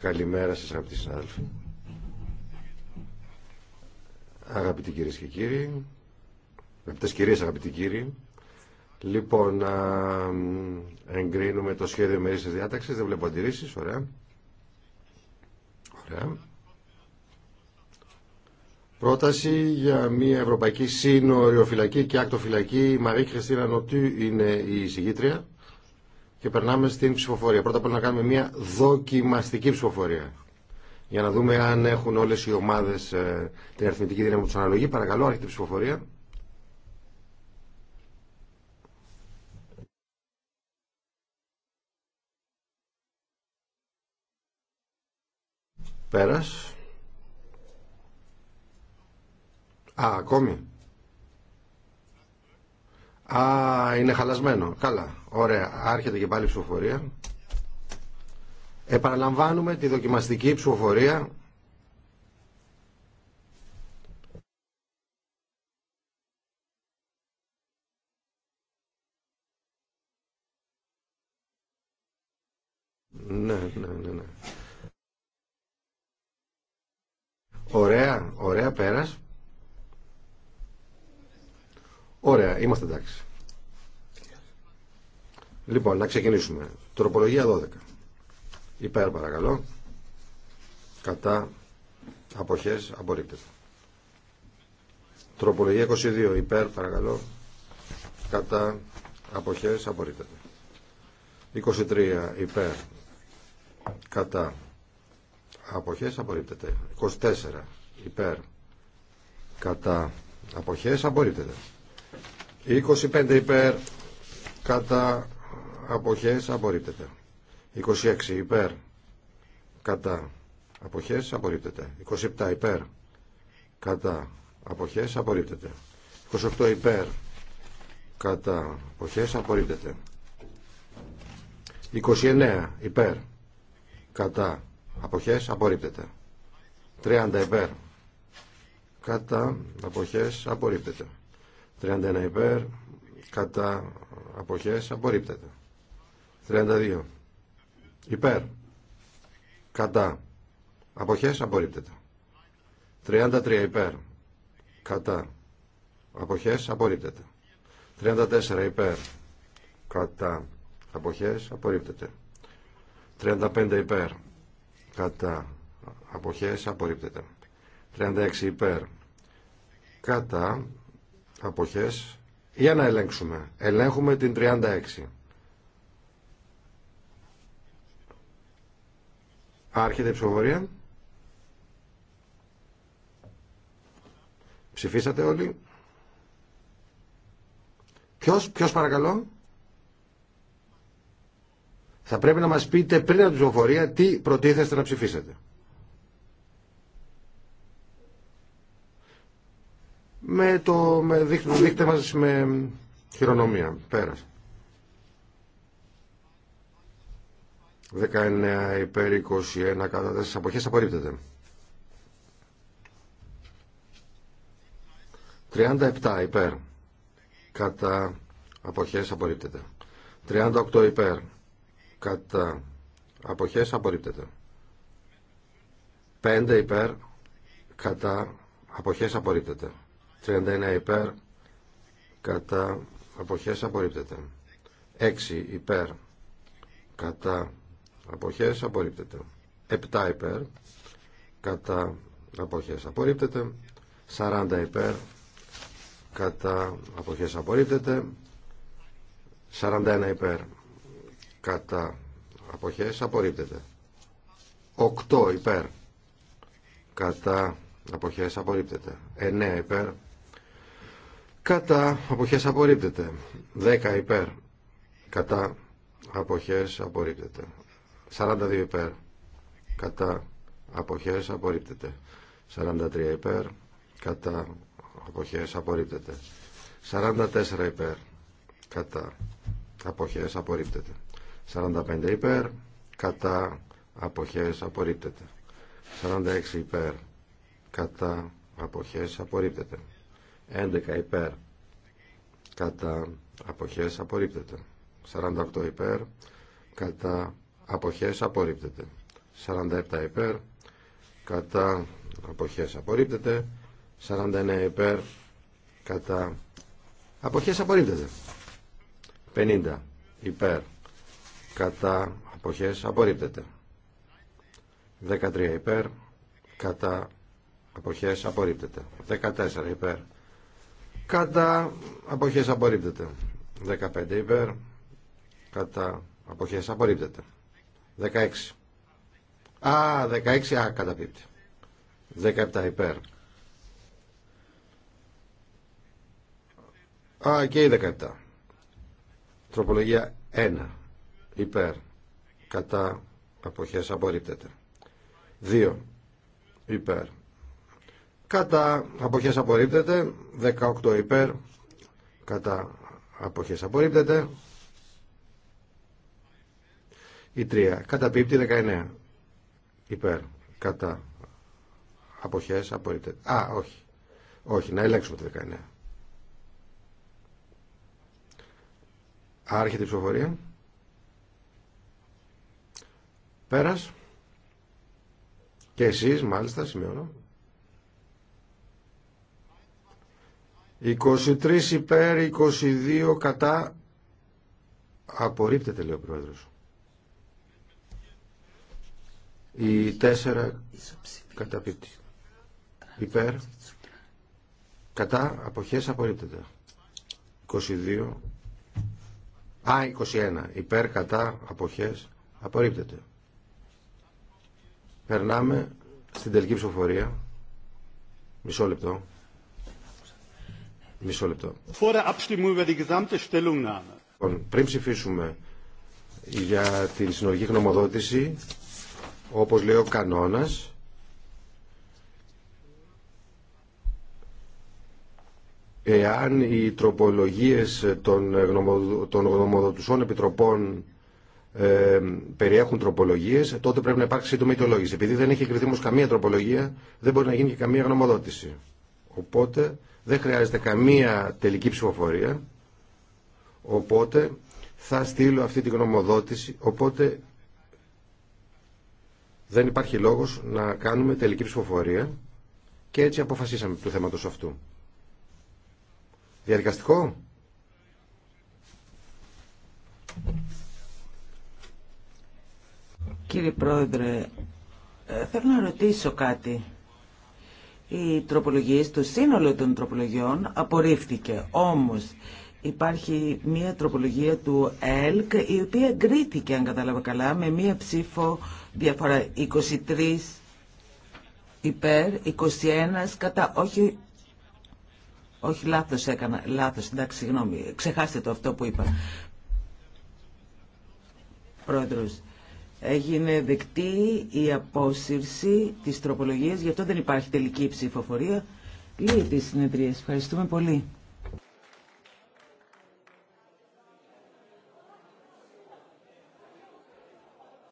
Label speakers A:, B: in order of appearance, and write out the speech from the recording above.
A: Καλημέρα σας αγαπητοί συνάδελφοι. Αγαπητοί κυρίες και κύριοι, αγαπητές κυρίες, αγαπητοί κύριοι, λοιπόν, να εγκρίνουμε το σχέδιο μερίσης διάταξης, δεν βλέπω αντιρρήσεις, ωραία. Ωραία. Πρόταση για μια ευρωπαϊκή σύνοριοφυλακή και ακτοφυλακή. Η Μαρή Χριστίνα Νοτού είναι η συγγήτρια και περνάμε στην ψηφοφορία. Πρώτα απ' όλα να κάνουμε μια δοκιμαστική ψηφοφορία. Για να δούμε αν έχουν όλε οι ομάδε ε, την αριθμητική δύναμη που του αναλογεί. Παρακαλώ, άρχεται η ψηφοφορία. Πέρας. Α, ακόμη. Α, είναι χαλασμένο. Καλά. Ωραία. Άρχεται και πάλι η ψηφοφορία. Επαναλαμβάνουμε τη δοκιμαστική ψηφοφορία. Ναι, ναι, ναι, ναι. Ωραία, ωραία πέρας. Ωραία, είμαστε εντάξει. Λοιπόν, να ξεκινήσουμε. Τροπολογία 12. Υπέρ παρακαλώ. Κατά αποχές απορρίπτεται. Τροπολογία 22. Υπέρ παρακαλώ. Κατά αποχές απορρίπτεται. 23. Υπέρ. Κατά αποχές απορρίπτεται. 24. Υπέρ. Κατά αποχές απορρίπτεται. 25 υπέρ κατά αποχές απορρίπτεται. 26 υπέρ κατά αποχές απορρίπτεται. 27 υπέρ κατά αποχές απορρίπτεται. 28 υπέρ κατά αποχές απορρίπτεται. 29 υπέρ κατά αποχές απορρίπτεται. 30 υπέρ κατά αποχές απορρίπτεται. 31 υπέρ κατά αποχές απορρίπτεται. 32. Υπέρ. Κατά. Αποχές απορρίπτεται. 33 υπέρ. Κατά. Αποχές απορρίπτεται. 34 υπέρ. Κατά. Αποχές απορρίπτεται. 35 υπέρ. Κατά. Αποχές απορρίπτεται. 36 υπέρ. Κατά. Αποχές. Για να ελέγξουμε. Ελέγχουμε την 36. Άρχεται η ψηφοφορία. Ψηφίσατε όλοι. Ποιος, ποιος παρακαλώ. Θα πρέπει να μας πείτε πριν από την ψηφοφορία τι προτίθεστε να ψηφίσετε. Με το με δείχτε, δείχτε μας με χειρονομία. Πέρασε. 19 υπέρ 21 κατά 4 αποχές απορρίπτεται. 37 υπέρ κατά αποχές απορρίπτεται. 38 υπέρ κατά αποχές απορρίπτεται. 5 υπέρ κατά αποχές απορρίπτεται. 39 υπέρ κατά αποχές απορρίπτεται. 6 υπέρ κατά αποχές απορρίπτεται 7 υπέρ κατά αποχές απορρίπτεται 40 υπέρ κατά αποχές απορρίπτεται 41 υπέρ κατά αποχές απορρίπτεται 8 υπέρ κατά αποχές απορρίπτεται 9 υπέρ κατά αποχές απορρίπτεται 10 υπέρ κατά αποχές απορρίπτεται 42 υπέρ κατά αποχές απορρίπτεται 43 υπέρ κατά αποχές απορρίπτεται 44 υπέρ κατά αποχές απορρίπτεται 45 υπέρ κατά αποχές απορρίπτεται 46 υπέρ κατά αποχές απορρίπτεται 11 υπέρ κατά αποχές απορρίπτεται 48 υπέρ κατά αποχές απορρίπτεται 47 υπέρ κατά αποχές απορρίπτεται 49 υπέρ κατά αποχές απορρίπτεται 50 υπέρ κατά αποχές απορρίπτεται 13 υπέρ κατά αποχές απορρίπτεται 14 υπέρ κατά αποχές απορρίπτεται 15 υπέρ κατά αποχές απορρίπτεται 16. Α, 16, α, καταπίπτει. 17 υπέρ. Α, και η 17. Τροπολογία 1. Υπέρ. Κατά αποχές απορρίπτεται. 2. Υπέρ. Κατά αποχές απορρίπτεται. 18 υπέρ. Κατά αποχές απορρίπτεται. Η 3. Καταπίπτει 19. Υπέρ. Κατά. Αποχές. Απορρίπτεται. Α, όχι. Όχι, να ελέγξουμε τη 19. Άρχεται η ψηφοφορία. Πέρας. Και εσείς, μάλιστα, σημειώνω. 23 υπέρ, 22 κατά. Απορρίπτεται, λέει ο πρόεδρος. Η τέσσερα καταπίπτει. Υπέρ. Κατά αποχές απορρίπτεται. 22. Α, 21. Υπέρ, κατά, αποχές, απορρίπτεται. Περνάμε στην τελική ψηφοφορία. Μισό λεπτό. Μισό λεπτό. Λοιπόν, πριν ψηφίσουμε για την συνολική γνωμοδότηση, όπως λέει ο κανόνας εάν οι τροπολογίες των, των γνωμοδοτουσών επιτροπών ε, περιέχουν τροπολογίες τότε πρέπει να υπάρξει σύντομη ιτολόγηση επειδή δεν έχει εγκριθεί καμία τροπολογία δεν μπορεί να γίνει και καμία γνωμοδότηση οπότε δεν χρειάζεται καμία τελική ψηφοφορία οπότε θα στείλω αυτή τη γνωμοδότηση οπότε δεν υπάρχει λόγος να κάνουμε τελική ψηφοφορία και έτσι αποφασίσαμε του θέματος αυτού. Διαδικαστικό. Κύριε Πρόεδρε, ε, θέλω να ρωτήσω κάτι. Η τροπολογία το σύνολο των τροπολογιών απορρίφθηκε. Όμως, Υπάρχει μία τροπολογία του ΕΛΚ η οποία εγκρίθηκε, αν κατάλαβα καλά, με μία ψήφο διαφορά 23 υπέρ, 21 κατά, όχι, όχι λάθος έκανα, λάθος, εντάξει, συγγνώμη, ξεχάστε το αυτό που είπα. Πρόεδρος, έγινε δεκτή η απόσυρση της τροπολογίας, γι' αυτό δεν υπάρχει τελική ψηφοφορία. Λίγη τη συνεδρία. Ευχαριστούμε πολύ.